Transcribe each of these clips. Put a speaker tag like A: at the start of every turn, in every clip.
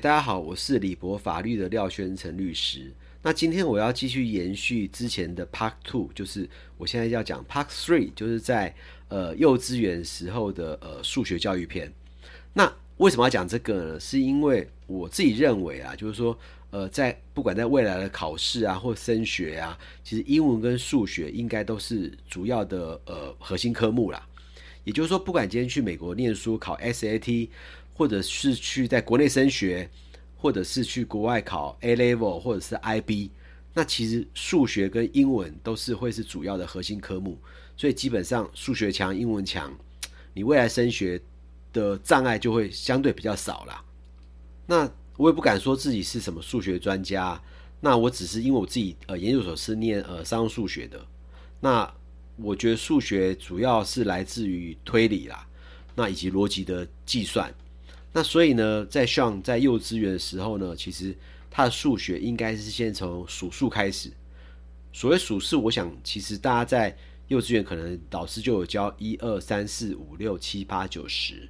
A: 大家好，我是理柏法律的廖宣成律師。那今天我要繼續延續之前的 Part Two，就是我現在要講 Part Three，就是在呃幼稚園時候的呃數學教育篇。那為什麼要講這個呢？是因為我自己認為啊，就是說呃在不管在未來的考試啊或升學啊，其實英文跟數學應該都是主要的呃核心科目啦。也就是說，不管今天去美國念書考 SAT。或者是去在國內升學，或者是去國外考 A Level 或者是 IB，那其實數學跟英文都是會是主要的核心科目，所以基本上數學強、英文強，你未來升學的障礙就會相對比較少啦。那我也不敢說自己是什麼數學專家，那我只是因為我自己呃研究所是念呃商用數學的，那我覺得數學主要是來自於推理啦，那以及邏輯的計算。那所以呢，在上在幼稚園的時候呢，其實他的數學應該是先從數數開始。所謂數數，我想其實大家在幼稚園可能老師就有教一二三四五六七八九十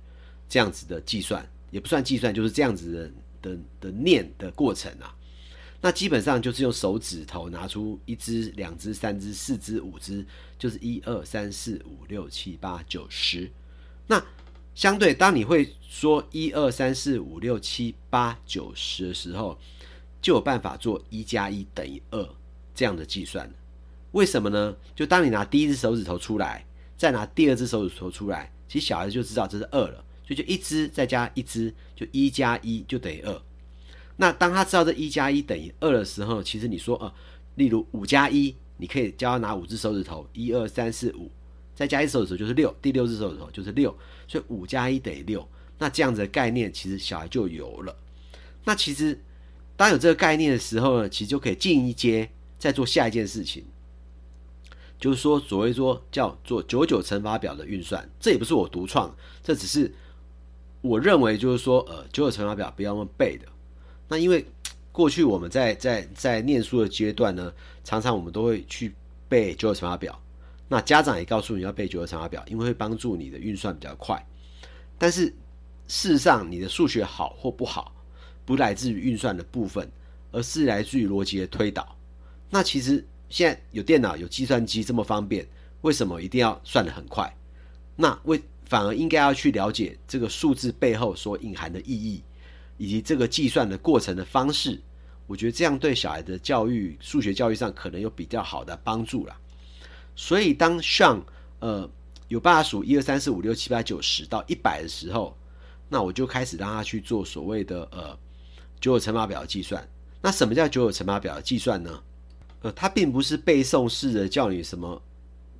A: 這樣子的計算，也不算計算，就是這樣子的的的念的過程啊。那基本上就是用手指頭拿出一隻、兩隻、三隻、四隻、五隻，就是一二三四五六七八九十。那相對，當你會說一二三四五六七八九十的時候，就有辦法做一加一等於二這樣的計算。為什麼呢？就當你拿第一隻手指頭出來，再拿第二隻手指頭出來，其實小孩子就知道這是二了，所以就一隻再加一隻，就一加一就等於二。那當他知道這一加一等於二的時候，其實你說哦、呃，例如五加一，你可以教他拿五隻手指頭，一二三四五。再加一只手的時候就是六，第六隻手的時候就是六，所以五加一等於六。6, 那這樣子的概念其實小孩就有了。那其實當有這個概念的時候呢，其實就可以進一階，再做下一件事情，就是說所謂說叫做九九乘法表的運算。這也不是我獨創，這只是我認為就是說呃九九乘法表不要用背的。那因為過去我們在在在念書的階段呢，常常我們都會去背九九乘法表。那家長也告訴你要背九九乘法表，因為會幫助你的運算比較快。但是事實上，你的數學好或不好，不來自於運算的部分，而是來自於邏輯的推導。那其實現在有電腦、有計算機這麼方便，為什麼一定要算得很快？那為反而應該要去了解這個數字背後所隱含的意義，以及這個計算的過程的方式。我覺得這樣對小孩的教育、數學教育上可能有比較好的幫助啦。所以當上、呃，呃有辦法數一二三四五六七八九十到一百的時候，那我就開始讓他去做所謂的呃九九乘法表的計算。那什麼叫九九乘法表的計算呢？呃，他並不是背誦式的叫你什麼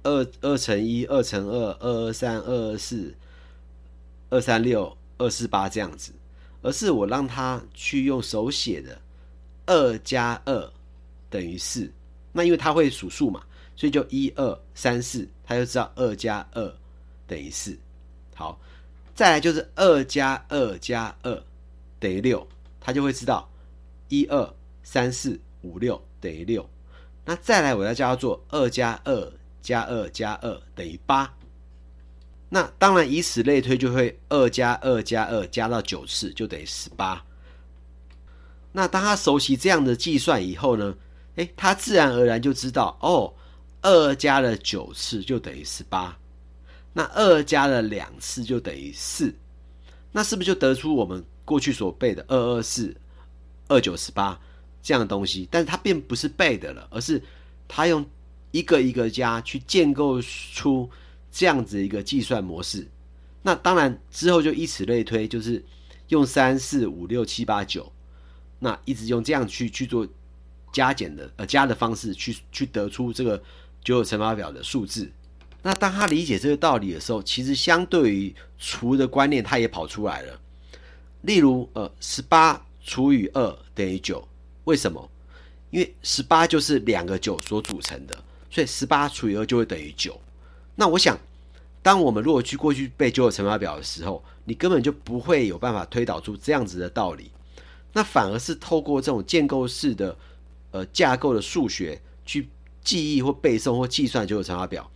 A: 二二乘一、二乘二、二二三、二二四、二三六、二四八這樣子，而是我讓他去用手寫的二加二等於四。那因為他會數數嘛。所以就一二三四，他就知道二加二等於四。好，再來就是二加二加二等於六，他就會知道一二三四五六等於六。那再來我要叫他做二加二加二加二等於八。那當然以此類推，就會二加二加二加到九次就等於十八。那當他熟悉這樣的計算以後呢，哎，他自然而然就知道哦。二加了九次就等於十八，那二加了兩次就等於四，那是不是就得出我們過去所背的二二四、二九十八這樣的東西？但是它並不是背的了，而是它用一個一個加去建構出這樣子一個計算模式。那當然之後就以此類推，就是用三四五六七八九，那一直用這樣去去做加減的呃加的方式去去得出這個。九九乘法表的數字，那當他理解這個道理的時候，其實相對於除的觀念，他也跑出來了。例如，呃，十八除以二等於九，為什麼？因為十八就是兩個九所組成的，所以十八除以二就會等於九。那我想，當我們如果去過去背九九乘法表的時候，你根本就不會有辦法推導出這樣子的道理，那反而是透過這種建構式的呃架構的數學去。記憶或背誦或計算九九乘法表，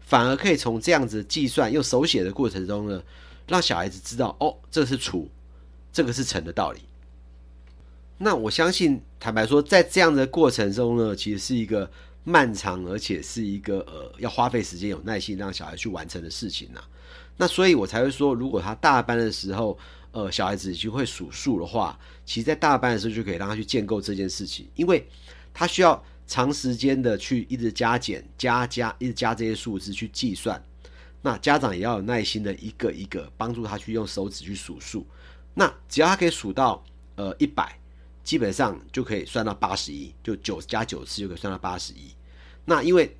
A: 反而可以從這樣子計算用手寫的過程中呢，讓小孩子知道哦，這，這個是除，這個是乘的道理。那我相信，坦白說，在這樣子的過程中呢，其實是一個漫長而且是一個呃要花費時間、有耐心讓小孩去完成的事情呢、啊。那所以，我才會說，如果他大班的時候，呃，小孩子就會數數的話，其實在大班的時候就可以讓他去建構這件事情，因為他需要。長時間的去一直加減加加一直加這些數字去計算，那家長也要有耐心的一個一個幫助他去用手指去數數。那只要他可以數到呃一百，100，基本上就可以算到八十一，就九加九次就可以算到八十一。那因為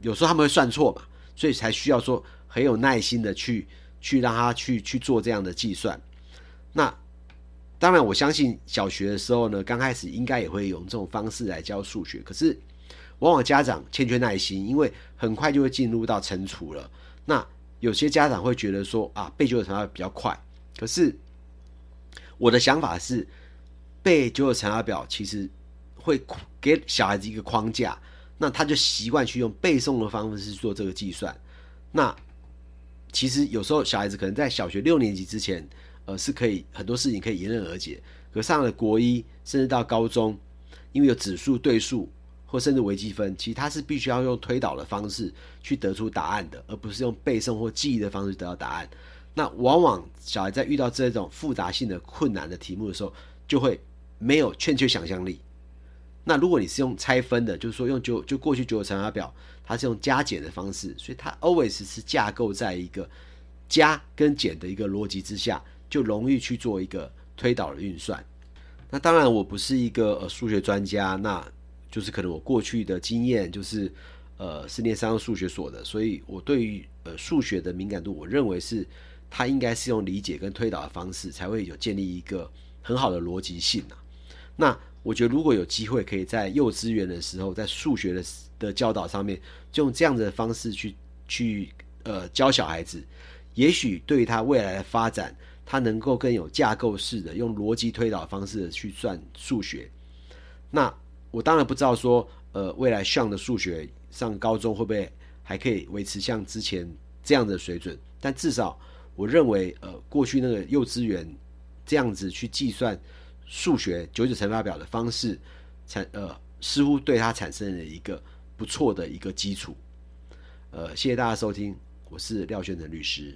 A: 有時候他們會算錯嘛，所以才需要說很有耐心的去去讓他去去做這樣的計算。那當然，我相信小學的時候呢，剛開始應該也會用這種方式來教數學。可是，往往家長欠缺耐心，因為很快就會進入到乘除了。那有些家長會覺得說啊，背九九乘法表比較快。可是，我的想法是，背九九乘法表其實會給小孩子一個框架，那他就習慣去用背誦的方式去做這個計算。那其實有時候小孩子可能在小學六年級之前。呃，而是可以很多事情可以迎刃而解。可上了國一，甚至到高中，因為有指數、對數，或甚至微積分，其實它是必須要用推導的方式去得出答案的，而不是用背誦或記憶的方式得到答案。那往往小孩在遇到這種複雜性的困難的題目的時候，就會沒有欠缺想象力。那如果你是用拆分的，就是說用九，就過去九九乘法表，它是用加減的方式，所以它 always 是架構在一個加跟減的一個邏輯之下。就容易去做一個推導的運算。那當然，我不是一個呃數學專家，那就是可能我過去的經驗就是，呃，是念三個數學所的，所以我對於呃數學的敏感度，我認為是他應該是用理解跟推導的方式，才會有建立一個很好的邏輯性啊。那我覺得，如果有機會可以在幼稚園的時候，在數學的的教導上面，就用這樣的方式去去呃教小孩子，也許對於他未來的發展，他能夠更有架構式的用邏輯推導的方式的去算數學，那我當然不知道說，呃，未來上的數學上高中會不會還可以維持像之前這樣的水準，但至少我認為，呃，過去那個幼稚園這樣子去計算數學九九乘法表的方式，產呃似乎對它產生了一個不錯的一個基礎。呃，謝謝大家收聽，我是廖軒的律師。